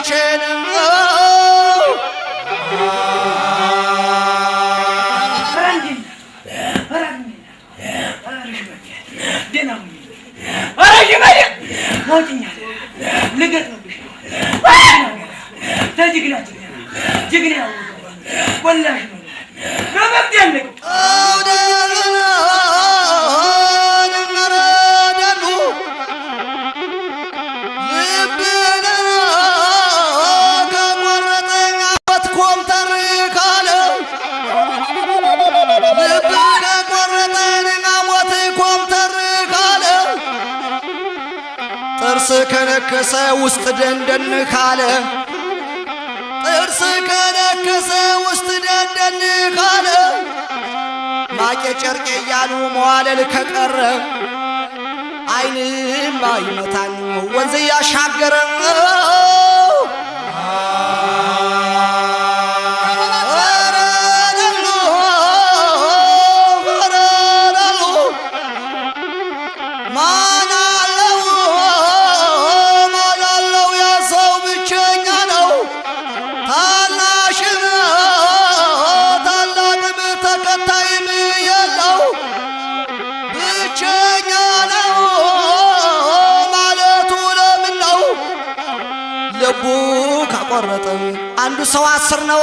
köşenin ጥርስ ከነከሰ ውስጥ ደንደን ካለ ጥርስ ከነከሰ ውስጥ ደንደን ካለ ማቄ ጨርቄ እያሉ መዋለል ከቀረ አይንማ ይመታን ወንዝ ያሻገረ ልቡ ካቆረጥም አንዱ ሰው አስር ነው።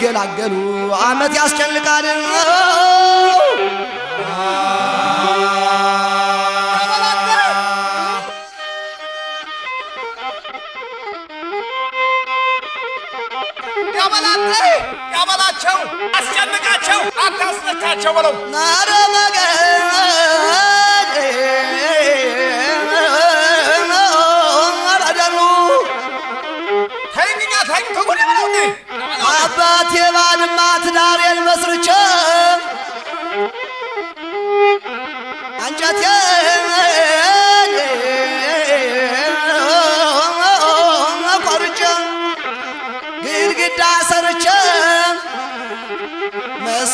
ሲገላገሉ አመት ያስጨንቃል። ያበላቸው፣ አስጨንቃቸው፣ አታስነካቸው በለው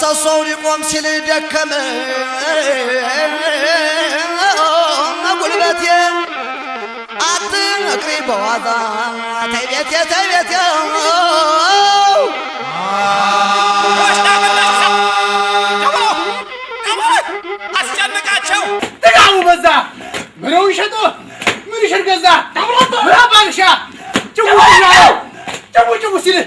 ሰሰው ሊቆም ሲል ደከመ ጉልበቴ አትነግሪ በዋዛ ተቤቴ ተቤቴ አስጨንቃቸው ጥጋቡ በዛ ምነው ይሸጦ ምን ይሽር ገዛ ምራ ባልሻ ጭቡ ጭቡ ጭቡ ሲልህ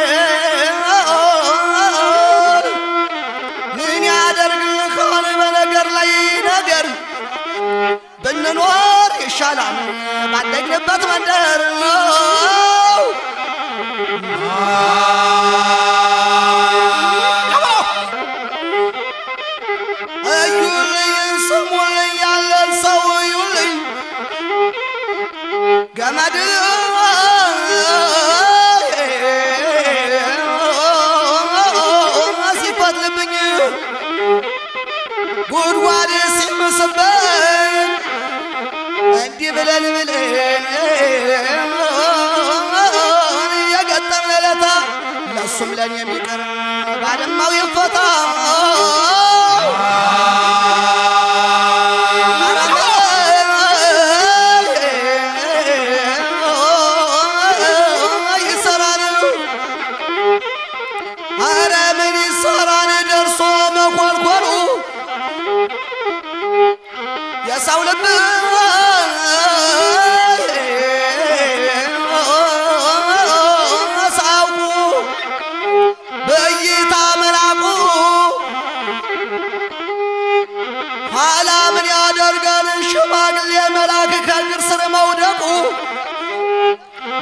ብንኖር ይሻላል ባደግንበት መንደር እዩልኝ ስሙልኝ ያለን ሰው እዩልኝ ገመድ እንዲህ ብለን ብለን የገጠመን ለታ ለን የሚቀር ባድማው ይፈታ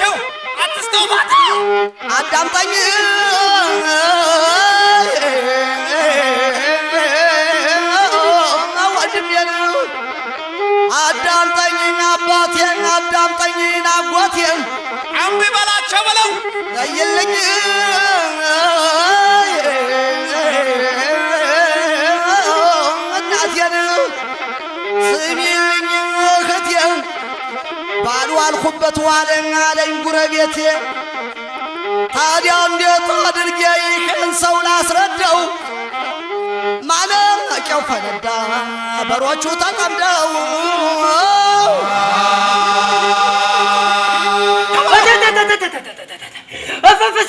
ናቸው። አባቴን አጎቴን አምቢ በላቸው ብለው ለይልኝ ባልኩበት ዋለኝ አለኝ ጉረቤቴ። ታዲያ እንዴት አድርጌ ይህን ሰው ላስረዳው? ማለቂያው ፈነዳ፣ በሮቹ ተጠምደው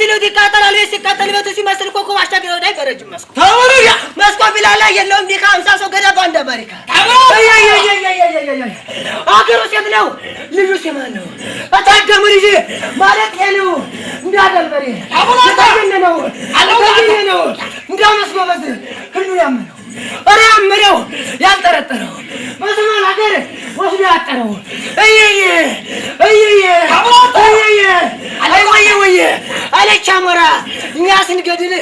ሲለው ይቃጠላል። ቤት ሲቃጠል ቤቱ ሲመስል ኮኮብ አሻግረው ላይ በረጅም መስኮ መስኮ ፊላላ ላይ የለውም ዲካ አምሳ ሰው ገደባ እንደ አሜሪካ አገሩ ሴት ነው። ልጁ የማን ነው? አታደሙ ልጅ ማለት ነው። እንዳደልበሬ ነው ነው እንዳውነስ ጎበዝ ህሉ ያመነው እኔ አምረው ያልጠረጠረው መስማል ሀገር ወስዶ ያጠረው እየየ እየየ እየየ አለቻ ሞራ እኛ ስንገድል